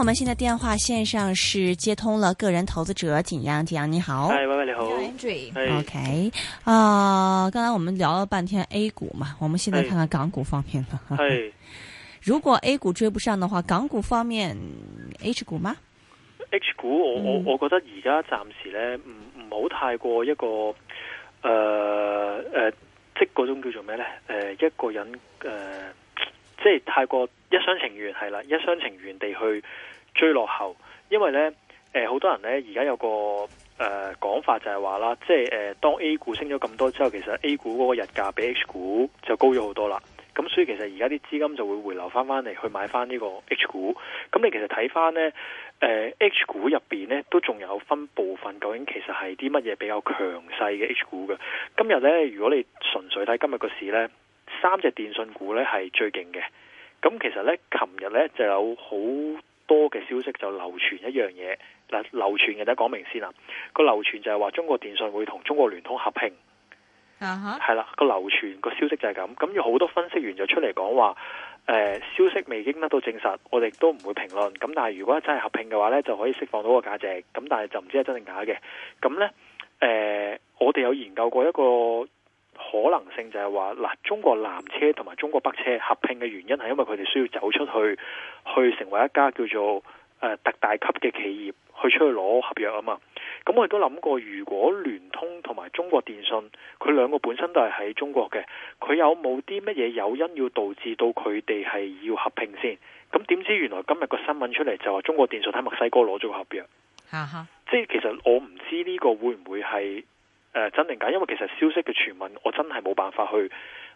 我們現在電話線上是接通了個人投資者景羊，景羊你好。Hi，喂喂，你好。are Andrew。Hi，OK。啊，剛剛我們聊了半天 A 股嘛，我們現在看看港股方面的。Hi。如果 A 股追不上的話，港股方面 H 股嗎？H 股，我我我覺得，而家暫時呢，唔唔好太過一個，呃呃，即係嗰種叫做咩呢？誒、呃，一個人，誒、呃。即係太過一廂情願係啦，一廂情願地去追落後，因為咧，誒、呃，好多人咧而家有個誒講、呃、法就係話啦，即係誒、呃，當 A 股升咗咁多之後，其實 A 股嗰個日價比 H 股就高咗好多啦。咁所以其實而家啲資金就會回流翻翻嚟去買翻呢個 H 股。咁你其實睇翻咧，誒、呃、，H 股入邊咧都仲有分部分，究竟其實係啲乜嘢比較強勢嘅 H 股嘅？今日咧，如果你純粹睇今日個市咧。三隻電信股咧係最勁嘅，咁其實咧，琴日咧就有好多嘅消息就流傳一樣嘢，嗱，流傳嘅大家講明先啦，個流傳就係話中國電信會同中國聯通合併，啊哈、uh，係、huh. 啦，個流傳個消息就係咁，咁要好多分析員就出嚟講話，誒、呃，消息未經得到證實，我哋都唔會評論，咁但係如果真係合併嘅話咧，就可以釋放到個價值，咁但係就唔知係真定假嘅，咁咧，誒、呃，我哋有研究過一個。可能性就係話嗱，中國南車同埋中國北車合併嘅原因係因為佢哋需要走出去，去成為一家叫做誒、呃、特大級嘅企業去出去攞合約啊嘛。咁、嗯、我亦都諗過，如果聯通同埋中國電信佢兩個本身都係喺中國嘅，佢有冇啲乜嘢誘因要導致到佢哋係要合併先？咁、嗯、點知原來今日個新聞出嚟就話中國電信喺墨西哥攞咗個合約。Uh huh. 即係其實我唔知呢個會唔會係。誒、呃、真定假？因為其實消息嘅傳聞我真係冇辦法去、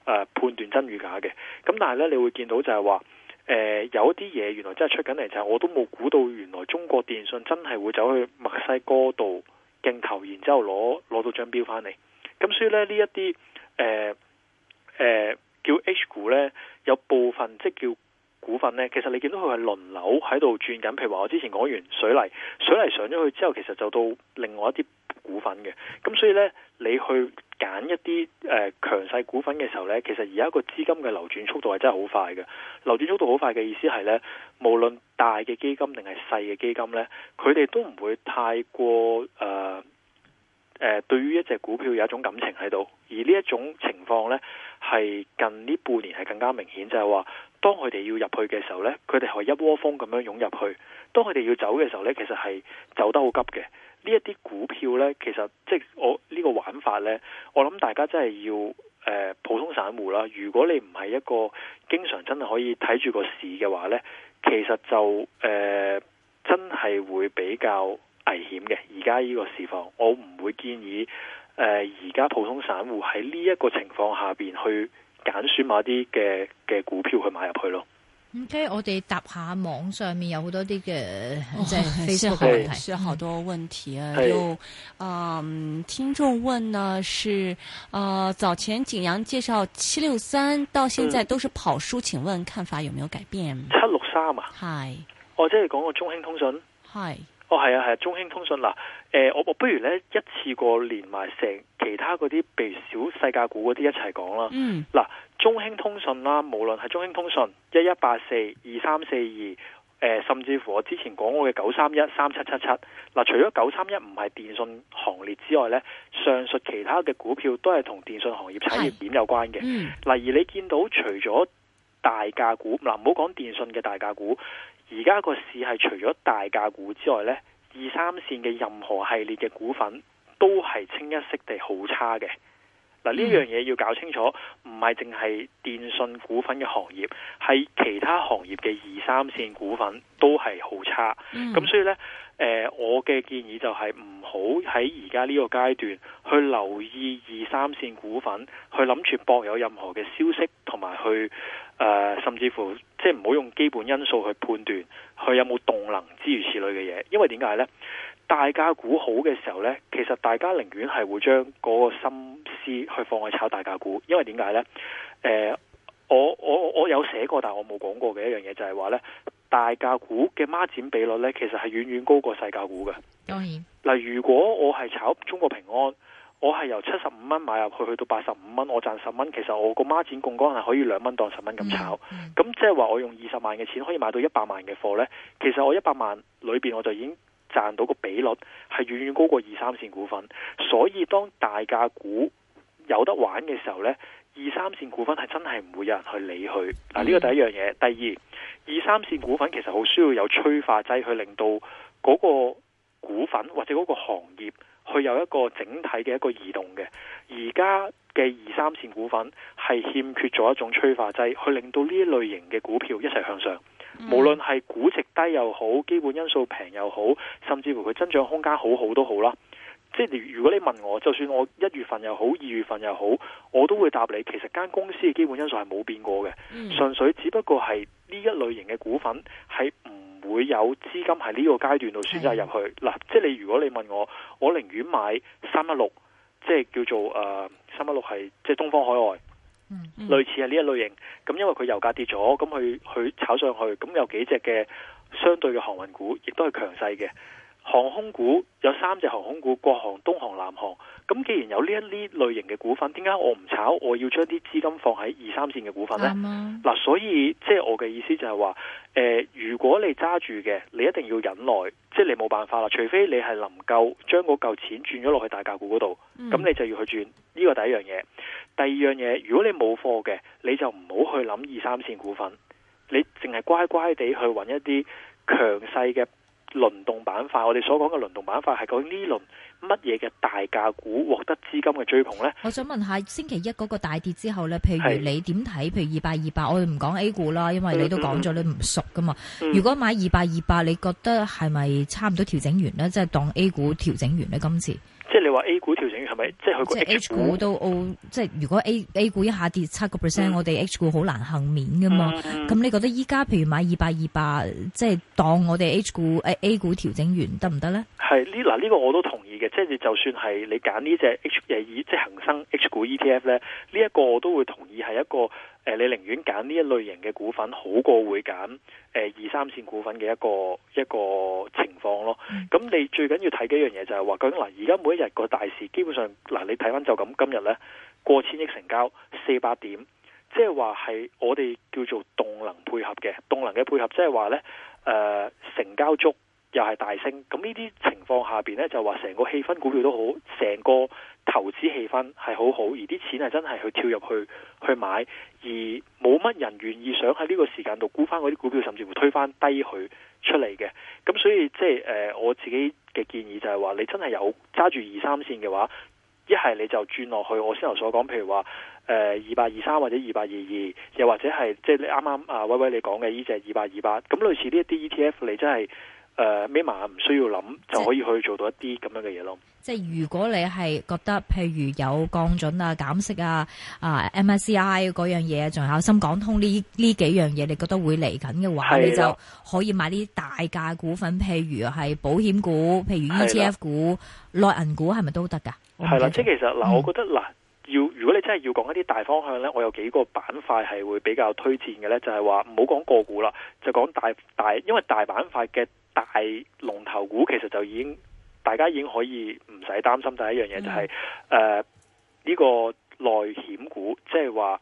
呃、判斷真與假嘅。咁但係咧，你會見到就係話，誒、呃、有一啲嘢，原來真係出緊嚟，就係、是、我都冇估到，原來中國電信真係會走去墨西哥度競投，然之後攞、攞到張標翻嚟。咁所以咧，呢一啲誒誒叫 H 股咧，有部分即叫。股份呢，其實你見到佢係輪流喺度轉緊。譬如話，我之前講完水泥，水泥上咗去之後，其實就到另外一啲股份嘅。咁所以呢，你去揀一啲誒強勢股份嘅時候呢，其實而家個資金嘅流轉速度係真係好快嘅。流轉速度好快嘅意思係呢，無論大嘅基金定係細嘅基金呢，佢哋都唔會太過誒誒、呃呃，對於一隻股票有一種感情喺度。而呢一種情況呢。係近呢半年係更加明顯，就係話，當佢哋要入去嘅時候呢，佢哋係一窩蜂咁樣湧入去；當佢哋要走嘅時候呢，其實係走得好急嘅。呢一啲股票呢，其實即係我呢個玩法呢，我諗大家真係要、呃、普通散戶啦。如果你唔係一個經常真係可以睇住個市嘅話呢，其實就誒、呃、真係會比較危險嘅。而家呢個市況，我唔會建議。.誒，而家、呃、普通散戶喺呢一個情況下邊去揀選，選買啲嘅嘅股票去買入去咯。咁，okay, 我哋答下網上面有多、哦、好多啲嘅在 Facebook 係，係案好多問題啊。有是，嗯、呃，聽眾問呢是，誒、呃，早前景羊介紹七六三，到現在都是跑輸、嗯、請問看法有沒有改變？七六三啊？係是，我、哦、即係講個中興通訊。係是，哦，係啊，係啊，中興通訊啦。呃、我不如咧一次過連埋成其他嗰啲，譬如細價股嗰啲一齊講啦。嗯。嗱、啊，中興通訊啦，無論係中興通訊一一八四、二三四二，呃、甚至乎我之前講過嘅九三一三七七七。嗱，除咗九三一唔係電信行列之外咧，上述其他嘅股票都係同電信行業產業鏈有關嘅。嗯。嗱、啊，而你見到除咗大價股，嗱唔好講電信嘅大價股，而家個市係除咗大價股之外咧。二三線嘅任何系列嘅股份都係清一色地好差嘅。嗱，呢樣嘢要搞清楚，唔係淨係電信股份嘅行業，係其他行業嘅二三線股份都係好差。咁、嗯、所以呢，誒、呃，我嘅建議就係唔好喺而家呢個階段去留意二三線股份，去諗住博有任何嘅消息，同埋去。誒、呃，甚至乎即係唔好用基本因素去判斷佢有冇動能之如此類嘅嘢，因為點解呢？大價股好嘅時候呢，其實大家寧願係會將嗰個心思去放喺炒大價股，因為點解呢？誒、呃，我我我有寫過，但係我冇講過嘅一樣嘢就係話呢，大價股嘅孖展比率呢，其實係遠遠高過細價股嘅。當然，如果我係炒中國平安。我係由七十五蚊買入去，去到八十五蚊，我賺十蚊。其實我個孖展槓桿係可以兩蚊當十蚊咁炒。咁即係話我用二十萬嘅錢可以買到一百萬嘅貨呢？其實我一百萬裏邊，我就已經賺到個比率係遠遠高過二三線股份。所以當大價股有得玩嘅時候呢，二三線股份係真係唔會有人去理佢。嗱、啊，呢個第一樣嘢。第二，二三線股份其實好需要有催化劑去令到嗰個股份或者嗰個行業。佢有一個整體嘅一個移動嘅，而家嘅二三綫股份係欠缺咗一種催化劑，去令到呢一類型嘅股票一齊向上。嗯、無論係估值低又好，基本因素平又好，甚至乎佢增長空間好好都好啦。即係如果你問我，就算我一月份又好，二月份又好，我都會答你，其實間公司嘅基本因素係冇變過嘅，純、嗯、粹只不過係呢一類型嘅股份係唔。會有資金喺呢個階段度選擇入去嗱，即係你如果你問我，我寧願買三一六，即係叫做誒三一六係即係東方海外，嗯、類似係呢一類型。咁因為佢油價跌咗，咁佢佢炒上去，咁有幾隻嘅相對嘅航運股亦都係強勢嘅。航空股有三隻航空股，國航、東航、南航。咁既然有呢一啲類型嘅股份，點解我唔炒？我要將啲資金放喺二三線嘅股份呢？嗱的、啊，所以即係、就是、我嘅意思就係話、呃，如果你揸住嘅，你一定要忍耐，即、就、係、是、你冇辦法啦。除非你係能夠將嗰嚿錢轉咗落去大價股嗰度，咁、嗯、你就要去轉。呢個第一樣嘢。第二樣嘢，如果你冇貨嘅，你就唔好去諗二三線股份，你淨係乖乖地去揾一啲強勢嘅。輪動板塊，我哋所講嘅輪動板塊係講呢輪乜嘢嘅大價股獲得資金嘅追捧呢？我想問下，星期一嗰個大跌之後呢，譬如你點睇？譬如二百二百，我哋唔講 A 股啦，因為你都講咗你唔熟噶嘛。嗯嗯，如果買二百二百，你覺得係咪差唔多調整完呢？即係當 A 股調整完呢，今次？即係你話 A 股調整完係咪？即係佢即係 H 股都 O，即係如果 A A 股一下跌七個 percent，我哋 H 股好難幸免噶嘛？咁、嗯、你覺得依家譬如買二百二百，200，即係當我哋 H 股誒 A 股調整完得唔得咧？係呢嗱呢、這個這個我都同意嘅，即係你就算係你揀呢隻 H 誒二即係恒生 H 股 ETF 咧，呢一個我都會同意係一個。誒、呃，你寧願揀呢一類型嘅股份，好過會揀誒、呃、二三線股份嘅一個一個情況咯。咁、嗯、你最緊要睇幾樣樣嘢就係話，究竟嗱，而、呃、家每一日個大市基本上嗱、呃，你睇翻就咁，今日咧過千億成交四百點，即係話係我哋叫做動能配合嘅動能嘅配合，即係話咧誒成交足又係大升，咁呢啲情況下面咧就話成個氣氛股票都好，成個。投資氣氛係好好，而啲錢係真係去跳入去去買，而冇乜人願意想喺呢個時間度沽翻嗰啲股票，甚至乎推翻低佢出嚟嘅。咁所以即係誒，我自己嘅建議就係話，你真係有揸住二三線嘅話，一係你就轉落去我先頭所講，譬如話誒二百二三或者二百二二，又或者係即係你啱啱啊威威你講嘅呢隻二百二八，咁類似呢一啲 ETF，你真係。誒，眯埋唔需要諗就可以去做到一啲咁樣嘅嘢咯。即係如果你係覺得譬如有降準啊、減息啊、啊 MSCI 嗰樣嘢，仲有深港通呢呢幾樣嘢，你覺得會嚟緊嘅話，的你就可以買啲大價股份，譬如係保險股、譬如 ETF 股、的內銀股是是，係咪都得噶？係啦，即係其實嗱，嗯、我覺得嗱，要如果你真係要講一啲大方向咧，我有幾個板塊係會比較推薦嘅咧，就係話唔好講個股啦，就講大大，因為大板塊嘅。大龍頭股其實就已經大家已經可以唔使擔心。第一樣嘢就係誒呢個內險股，即係話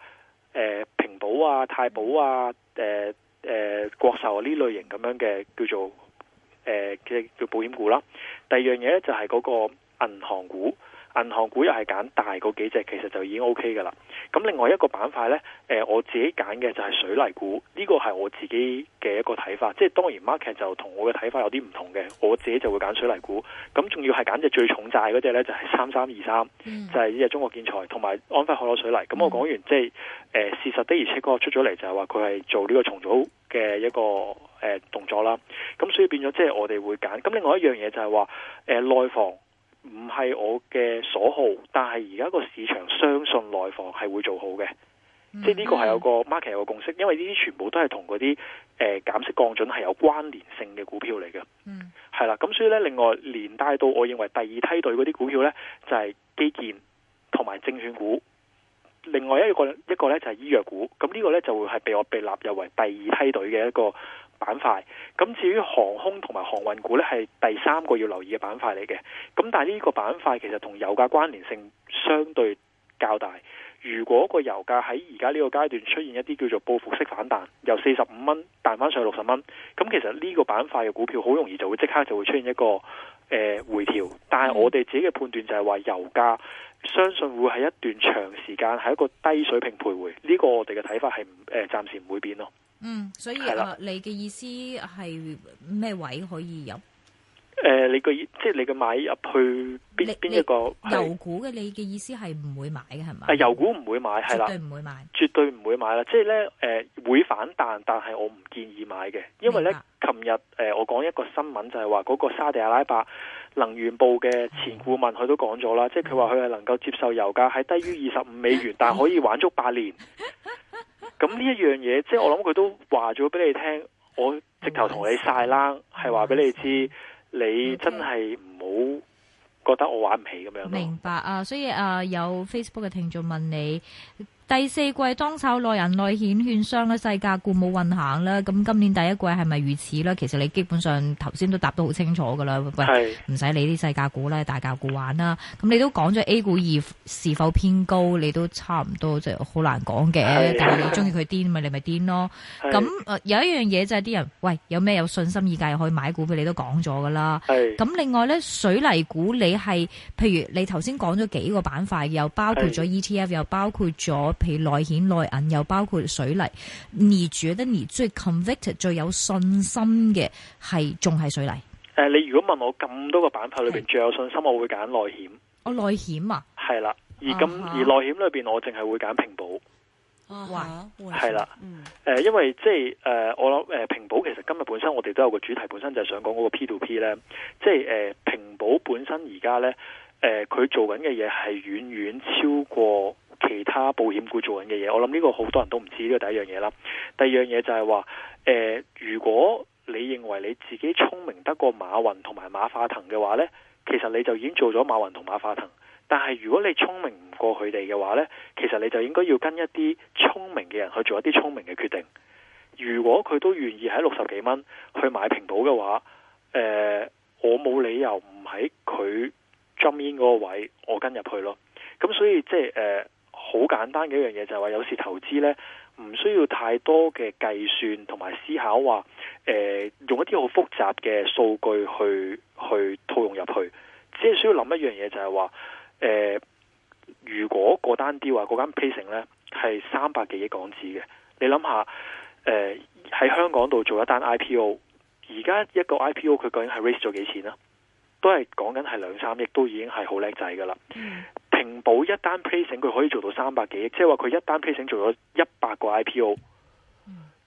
誒平保啊、太保啊、誒、呃、誒、呃、國壽呢類型咁樣嘅叫做誒嘅、呃、叫保險股啦。第二樣嘢咧就係嗰個銀行股。銀行股又係揀大嗰幾隻，其實就已經 OK 噶啦。咁另外一個板塊呢，誒、呃，我自己揀嘅就係水泥股，呢、這個係我自己嘅一個睇法。即係當然 market 就同我嘅睇法有啲唔同嘅，我自己就會揀水泥股。咁仲要係揀隻最重債嗰隻呢，就係三三二三，就係呢隻中國建材同埋安徽海螺水泥。咁我講完、嗯、即係、呃、事實的而且確出咗嚟就係話佢係做呢個重組嘅一個誒、呃、動作啦。咁所以變咗即係我哋會揀。咁另外一樣嘢就係話誒內房。唔係我嘅所好，但係而家個市場相信內房係會做好嘅，即係呢個係有個 market 有個共識，因為呢啲全部都係同嗰啲誒減息降準係有關聯性嘅股票嚟嘅。係啦、mm，咁、hmm，所以咧，另外連帶到我認為第二梯隊嗰啲股票咧，就係、是、基建同埋證券股，另外一個一個咧就係醫藥股，咁呢個咧就會係被我被納入為第二梯隊嘅一個。板塊。咁至於航空同埋航運股呢，係第三個要留意嘅板塊嚟嘅。咁但係呢個板塊其實同油價關聯性相對較大。如果個油價喺而家呢個階段出現一啲叫做報復式反彈，由四十五蚊彈翻上去六十蚊，咁其實呢個板塊嘅股票好容易就會即刻就會出現一個誒、呃、回調。但係我哋自己嘅判斷就係話，油價相信會係一段長時間係一個低水平徘徊。呢、這個我哋嘅睇法係誒暫時唔會變咯。嗯，所以的你嘅意思係咩位可以入？誒、呃，你個意即係你嘅買入去邊邊你一個油股嘅？你嘅意思係唔會買嘅係嘛？啊，油股唔會買，係啦，唔會買，絕對唔會買啦。即係咧，誒、呃，會反彈，但係我唔建議買嘅，因為咧，琴的日誒、呃，我講一個新聞，就係話嗰個沙地阿拉伯能源部嘅前顧問他，佢都講咗啦，即係佢話佢係能夠接受油價係低於二十五美元， 的但係可以玩足八年。 咁呢一樣嘢，即係我諗佢都話咗俾你聽，我直頭同你曬啦，係話俾你知，是你真係唔好覺得我玩唔起咁 okay. 樣。明白啊，所以啊，有 Facebook 嘅聽眾問你。第四季當炒內人內險券商嘅細價股冇運行啦，咁今年第一季係咪如此咧？其實你基本上頭先都答得好清楚噶啦。喂，唔使是理啲細價股啦，大價股玩啦。咁你都講咗 A 股二是否偏高，你都差唔多就好難講嘅。是但係你中意佢癲咪，你咪癲咯。咁是、呃、有一樣嘢就係、是、啲人，喂，有咩有信心意見可以買股票，你都講咗噶啦。咁是另外咧，水泥股你係，譬如你頭先講咗幾個板塊，又包括咗 ETF，又包括咗。譬如內險內銀，又包括水泥，而住得而最 convicted 最有信心嘅係仲係水泥。誒、呃，你如果問我咁多個板塊裏邊的最有信心，我會揀內險。我內險啊？係啦，而咁、uh huh. 而內險裏邊，我淨係會揀平保。啊，哇！係啦，誒，因為即係誒，我諗誒，平保其實今日本身我哋都有個主題，本身就係想講嗰個 P2P 咧，即係誒，平保本身而家咧，誒、呃，佢做緊嘅嘢係遠遠超過。其他保險股做緊嘅嘢，我諗呢個好多人都唔知。呢個第一樣嘢啦，第二樣嘢就係話，誒、呃，如果你認為你自己聰明得過馬雲同埋馬化騰嘅話呢，其實你就已經做咗馬雲同馬化騰。但係如果你聰明唔過佢哋嘅話呢，其實你就應該要跟一啲聰明嘅人去做一啲聰明嘅決定。如果佢都願意喺六十幾蚊去買平保嘅話，誒、呃，我冇理由唔喺佢 join in 嗰個位，我跟入去咯。咁所以即係誒。呃好簡單嘅一樣嘢就係話，有時投資呢唔需要太多嘅計算同埋思考，話、呃、誒用一啲好複雜嘅數據去去套用入去，只係需要諗一樣嘢就係話誒，如果嗰單 deal 啊，嗰間 placing 呢係三百幾億港紙嘅，你諗下誒喺香港度做一單 IPO，而家一個 IPO 佢究竟係 raise 咗幾錢啊？都係講緊係兩三億，都已經係好叻仔噶啦。嗯平保一單 placing 佢可以做到三百幾億，即係話佢一單 placing 做咗一百個 IPO，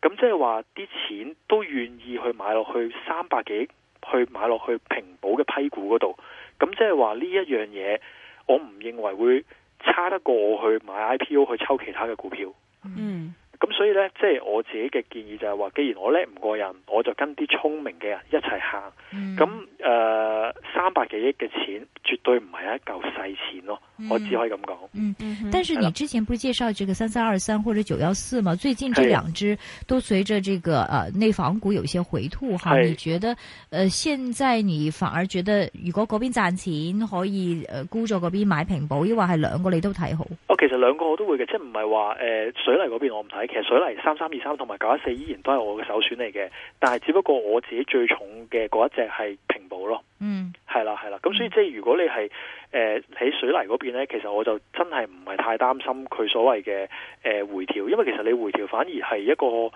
咁即係話啲錢都願意去買落去三百幾億去買落去平保嘅批股嗰度，咁即係話呢一樣嘢，我唔認為會差得過我去買 IPO 去抽其他嘅股票。嗯。所以咧，即係我自己嘅建議就係話，既然我叻唔過人，我就跟啲聰明嘅人一齊行。咁誒三百幾億嘅錢絕對唔係一嚿細錢咯。嗯、我只可以咁講、嗯。嗯嗯。是的但是你之前不是介紹這個三三二三或者九幺四嘛？最近這兩支都隨着這個的呃內房股有些回吐哈，的你覺得呃現在你反而覺得如果嗰邊賺錢可以誒沽咗嗰邊買平保，抑或係兩個你都睇好？哦，其實兩個我都會嘅，即係唔係話誒水泥嗰邊我唔睇，其實。水泥三三二三同埋九一四依然都係我嘅首選嚟嘅，但係只不過我自己最重嘅嗰一隻係平保咯。嗯，係啦係啦，咁所以即係如果你係誒喺水泥嗰邊咧，其實我就真係唔係太擔心佢所謂嘅誒回調，因為其實你回調反而係一個唔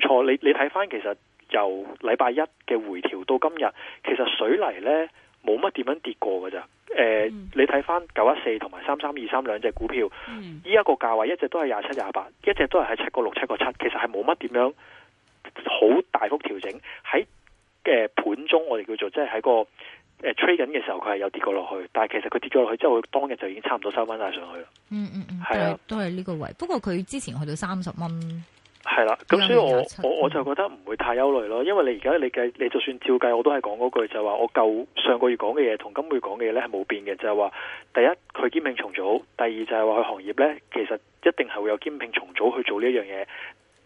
錯，你你睇翻，其實由禮拜一嘅回調到今日，其實水泥咧。冇乜點樣跌過噶咋？誒、呃，嗯、你睇翻九一四同埋三三二三兩隻股票，依一、嗯、個價位，一直都係廿七廿八，一直都係喺七個六七個七，其實係冇乜點樣好大幅調整。喺嘅盤中，我哋叫做即係喺個誒 trading 嘅時候，佢係有跌過落去，但係其實佢跌咗落去之後，當日就已經差唔多收翻晒上去啦。嗯嗯嗯，係啊，都係呢個位。不過佢之前去到三十蚊。係啦，咁所以我、嗯嗯、我我就覺得唔會太憂慮咯，因為你而家你計你就算照計，我都係講嗰句就係、是、話我舊上個月講嘅嘢，同今個月講嘅嘢咧係冇變嘅，就係、是、話第一佢兼併重組，第二就係話佢行業咧其實一定係會有兼併重組去做呢樣嘢。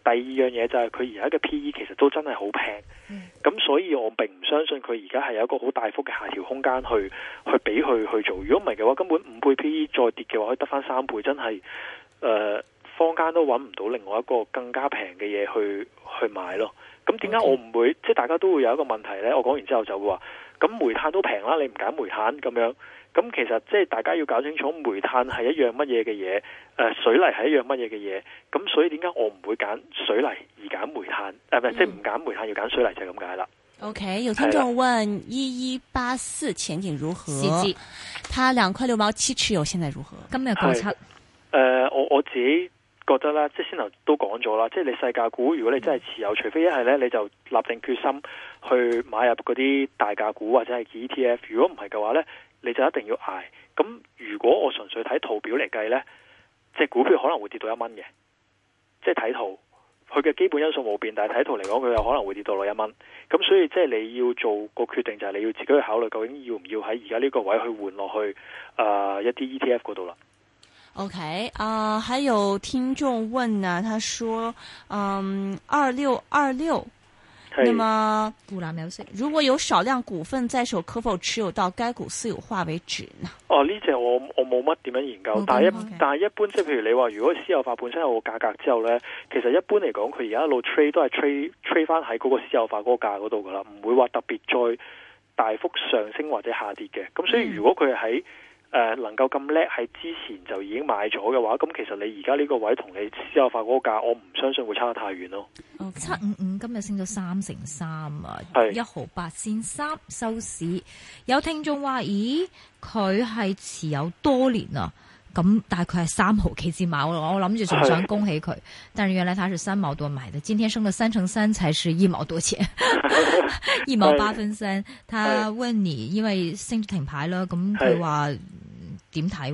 第二樣嘢就係佢而家嘅 P E 其實都真係好平，咁、嗯、所以我並唔相信佢而家係有一個好大幅嘅下調空間去去俾佢去做。如果唔係嘅話，根本五倍 P E 再跌嘅話，可以得翻三倍，真係誒。呃坊間都揾唔到另外一個更加平嘅嘢去去買咯。咁點解我唔會 Okay. 即係大家都會有一個問題呢。我講完之後就會話，咁煤炭都平啦，你唔揀煤炭咁樣。咁其實即係大家要搞清楚煤炭係一樣乜嘢嘅嘢，誒、呃，水泥係一樣乜嘢嘅嘢。咁所以點解我唔會揀水泥而揀煤炭？誒、嗯，即係唔揀煤炭要揀水泥就係咁解啦。OK，有聽眾問：一一八四前景如何？的他兩塊六毛七持有，現在如何？今日預測。誒，我我自己。覺得啦，即係先頭都講咗啦，即係你細價股，如果你真係持有，除非一係咧，你就立定決心去買入嗰啲大價股或者係 ETF，如果唔係嘅話咧，你就一定要捱。咁如果我純粹睇圖表嚟計咧，即係股票可能會跌到一蚊嘅，即係睇圖，佢嘅基本因素冇變，但係睇圖嚟講，佢又可能會跌到落一蚊。咁所以即係你要做個決定，就係你要自己去考慮，究竟要唔要喺而家呢個位去換落去啊、呃、一啲 ETF 嗰度啦。OK 啊、呃，還有聽眾問呢，他說：嗯，二六二六，那麼如果有少量股份在手，可否持有到該股私有化為止呢？哦，呢、這、隻、個、我我冇乜點樣研究，嗯、但係一 okay. 但係一般，即係譬如你話，如果私有化本身有個價格之後咧，其實一般嚟講，佢而家一路吹都係吹 r 翻喺嗰個私有化嗰個價嗰度噶啦，唔會話特別再大幅上升或者下跌嘅。咁所以如果佢喺誒、呃、能夠咁叻，喺之前就已經買咗嘅話，咁其實你而家呢個位同你私有化嗰個價，我唔相信會差得太遠咯。Okay. 七五五今日升咗三成三啊，是一毫八仙三收市。有聽眾話：，咦，佢係持有多年啊，咁大概三毫幾之買。我我諗住仲想恭喜佢，是但是原來他是三毛多買的，今天升咗三成三，才是一毛多錢，一 是毛八分三。他 Winnie 是因為升停牌啦，咁佢話。點睇？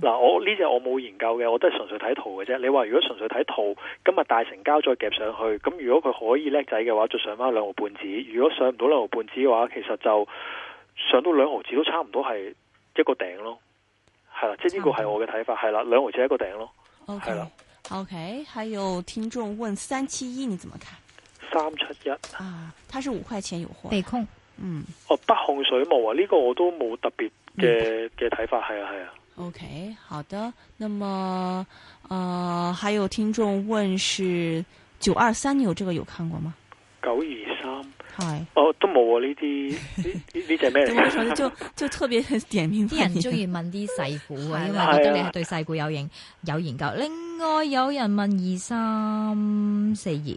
嗱、啊，我呢隻、這個、我冇研究嘅，我都係純粹睇圖嘅啫。你話如果純粹睇圖，今日大成交再夾上去，咁如果佢可以叻仔嘅話，就上翻兩毫半子。如果上唔到兩毫半子嘅話，其實就上到兩毫子都差唔多係一個頂咯。係啦，即係呢個係我嘅睇法。係啦，兩毫子一個頂咯。OK，OK，係啦，還有聽眾問三七一你怎麼睇？三七一啊，它是五塊錢有貨北控，嗯，哦北控水務啊，呢、這個我都冇特別。嘅嘅睇法，係啊係啊，OK 好的，那麼，呃，還有聽眾問是九二三有這個有看過嗎？九二三係，哦都冇啊呢啲呢呢隻咩都我剛就就特別點名 啲人，鍾意就問啲細股啊，因為覺得你係對細股有影有研究。啊、另外有人問二三四二，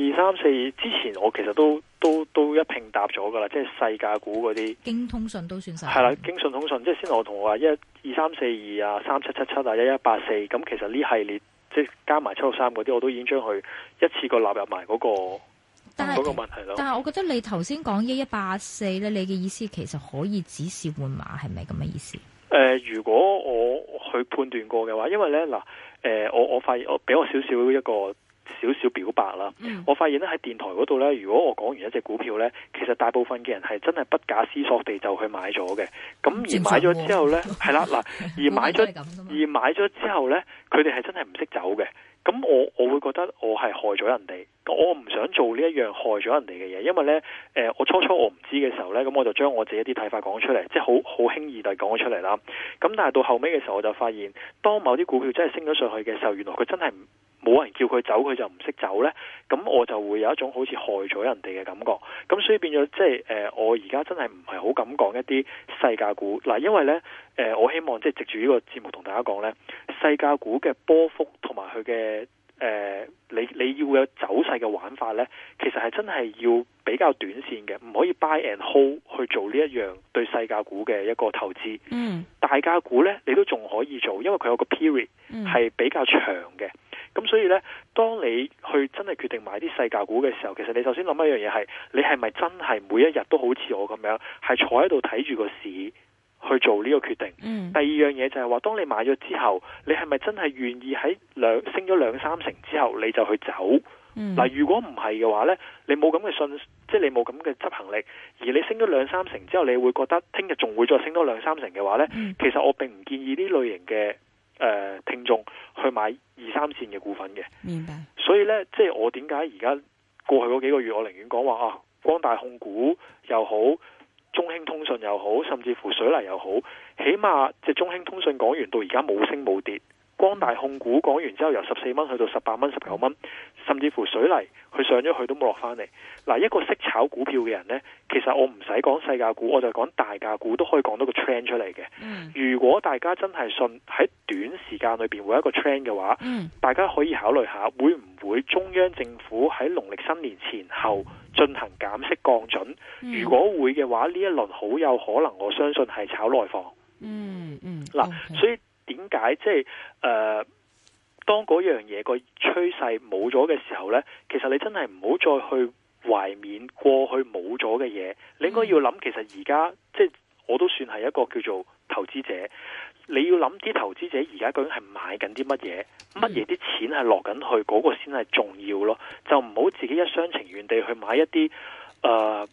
二三四二之前我其實都。都都一拼搭咗噶啦，即係細價股嗰啲。京通訊都算晒。係啦，京信通信，即係先跟我同我話一二三四二啊，三七七七啊，一一八四，咁其實呢系列即係加埋七六三嗰啲，我都已經將佢一次過納入埋、那、嗰個嗰是個問題咯。但係我覺得你頭先講一一八四咧，你嘅意思其實可以指示換碼，係咪咁嘅意思？誒、呃，如果我去判斷過嘅話，因為咧嗱，誒、呃，我我發現我俾我少少一個。少少表白啦，嗯、我發現咧喺電台嗰度咧，如果我講完一隻股票咧，其實大部分嘅人係真係不假思索地就去買咗嘅。咁而買咗之後咧，係啦嗱，而買咗而買咗之後咧，佢哋係真係唔識走嘅。咁我我會覺得我係害咗人哋。我唔想做呢一樣害咗人哋嘅嘢，因為咧，誒、呃，我初初我唔知嘅時候咧，咁我就將我自己啲睇法講出嚟，即係好好輕易地講出嚟啦。咁但係到後尾嘅時候，我就發現，當某啲股票真係升咗上去嘅時候，原來佢真係唔。冇人叫佢走，佢就唔識走咧。咁我就會有一種好似害咗人哋嘅感覺。咁所以變咗即係誒、呃，我而家真係唔係好敢講一啲細價股嗱，因為咧誒、呃，我希望即係藉住呢個節目同大家講咧，細價股嘅波幅同埋佢嘅誒，你你要有走勢嘅玩法咧，其實係真係要比較短線嘅，唔可以 buy and hold 去做呢一樣對細價股嘅一個投資。嗯，大價股咧，你都仲可以做，因為佢有個 period 係比較長嘅。咁所以咧，當你去真係決定買啲細價股嘅時候，其實你首先諗一樣嘢係，你係咪真係每一日都好似我咁樣，係坐喺度睇住個市去做呢個決定？嗯。第二樣嘢就係話，當你買咗之後，你係咪真係願意喺兩升咗兩三成之後你就去走？嗱，嗯，如果唔係嘅話咧，你冇咁嘅信，即係你冇咁嘅執行力，而你升咗兩三成之後，你會覺得聽日仲會再升多兩三成嘅話咧，嗯，其實我並唔建議呢類型嘅。誒、呃、聽眾去買二三線嘅股份嘅，明白。所以呢，即係我點解而家過去嗰幾個月，我寧願講話啊，光大控股又好，中興通訊又好，甚至乎水泥又好，起碼，即中興通訊講完到而家冇升冇跌。光大控股講完之後，由十四蚊去到十八蚊、十九蚊，甚至乎水泥，佢上咗去都冇落翻嚟。嗱，一個識炒股票嘅人呢，其實我唔使講細價股，我就講大價股都可以講到個 trend 出嚟嘅。嗯、如果大家真係信喺短時間裏邊會有一個 trend 嘅話，嗯、大家可以考慮下會唔會中央政府喺農曆新年前後進行減息降準？嗯、如果會嘅話，呢一輪好有可能，我相信係炒內房。嗯嗯，嗱、嗯，啦，okay。所以。點解即係誒、呃，當嗰樣嘢個趨勢冇咗嘅時候呢，其實你真係唔好再去懷緬過去冇咗嘅嘢。你應該要諗，其實而家即係我都算係一個叫做投資者。你要諗啲投資者而家究竟係買緊啲乜嘢？乜嘢啲錢係落緊去嗰個先係重要咯。就唔好自己一廂情願地去買一啲誒、呃，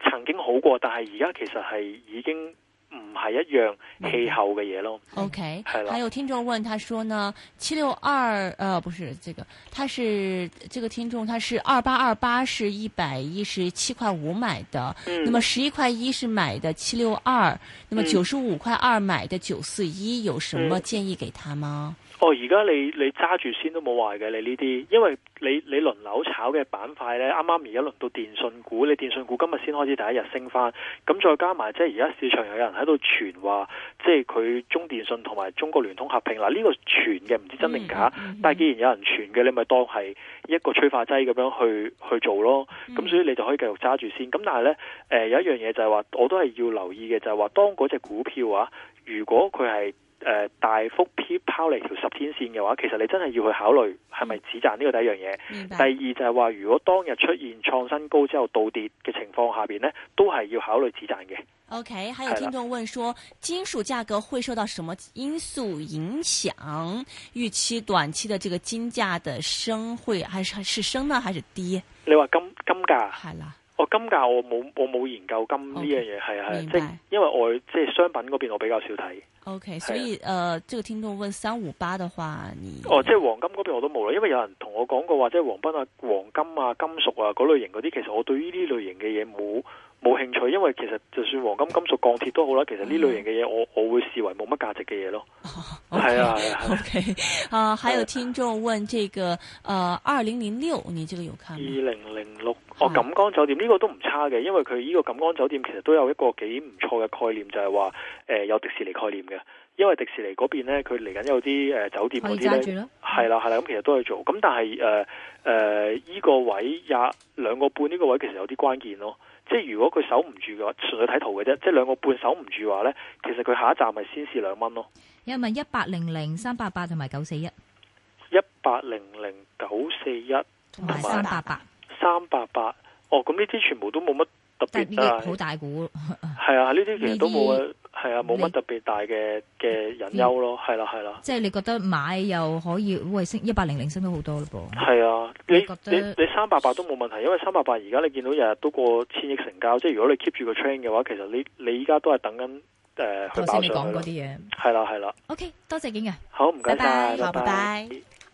曾經好過但係而家其實係已經。唔係一樣氣候嘅嘢咯。OK，係啦，嗯。還有聽眾問，他說呢七六二，2，呃，不是這個，他是這個聽眾，他是二八二八是一百一十七塊五買的，嗯，那麼十一塊一是買的七六二，那麼九十五塊二買的九四一，有什麼建議給他嗎？哦，而家你你揸住先都冇壞嘅，你呢啲，因為你你輪流炒嘅板塊呢，啱啱而家輪到電信股，你電信股今日先開始第一日升翻，咁再加埋即係而家市場又有人喺度傳話，即係佢中電信同埋中國聯通合併，嗱呢、這個傳嘅唔知真定假，嗯、但係既然有人傳嘅，你咪當係一個催化劑咁樣去去做咯，咁所以你就可以繼續揸住先。咁但係呢，誒、呃、有一樣嘢就係話，我都係要留意嘅，就係、是、話當嗰隻股票啊，如果佢係。誒、呃，大幅拋拋離條十天線嘅話，其實你真係要去考慮係咪止賺呢個第一樣嘢。白第二就係話，如果當日出現創新高之後倒跌嘅情況下邊呢，都係要考慮止賺嘅。OK，還有聽眾問說，了金屬價格會受到什麼因素影響？預期短期的這個金價的升會還是是升呢，還是低？你話金金價係啦。我金價我冇我冇研究金呢樣嘢，係係，即係因為我即係商品嗰邊我比較少睇。OK，的所以誒、呃，這個聽眾問三五八的話，你哦，即係黃金嗰邊我都冇啦，因為有人同我講過話，即係黃金啊、黃金啊、金屬啊嗰類型嗰啲，其實我對呢啲類型嘅嘢冇。冇興趣，因為其實就算黃金、金屬、鋼鐵都好啦，其實呢類型嘅嘢，我我會視為冇乜價值嘅嘢咯。係啊，OK。啊，還有聽眾問這個，呃，二零零六，你這個有看二零零六，2006，啊、哦，錦江酒店呢、這個都唔差嘅，因為佢呢個錦江酒店其實都有一個幾唔錯嘅概念，就係、是、話，誒、呃，有迪士尼概念嘅，因為迪士尼嗰邊呢，佢嚟緊有啲誒、呃、酒店嗰啲咧，係啦係啦，咁、啊啊、其實都可以做。咁但係，誒、呃、誒，呢、呃這個位廿兩個半呢個位其實有啲關鍵咯。即係如果佢守唔住嘅話，純粹睇圖嘅啫。即係兩個半守唔住嘅話呢，其實佢下一站咪先試兩蚊咯。一咪一八零零三八八同埋九四一，一八零零九四一同埋三八八，三八八。哦，咁呢啲全部都冇乜特別，特別但係是好大股。係 啊，呢啲其實都冇啊。係啊，冇乜特別大嘅嘅隱憂咯，係啦係啦。即係你覺得買又可以，衛升一百零零升咗好多咯噃。係啊，啊啊啊你你你三百八都冇問題，因為三百八而家你見到日日都過千億成交，即係如果你 keep 住個 train 嘅話，其實你你依家都係等緊誒去買入頭先講嗰啲嘢。係啦係啦。啊啊啊、o、okay, K，多謝景羊。好，唔該，晒 bye。拜 bye，拜拜。Bye bye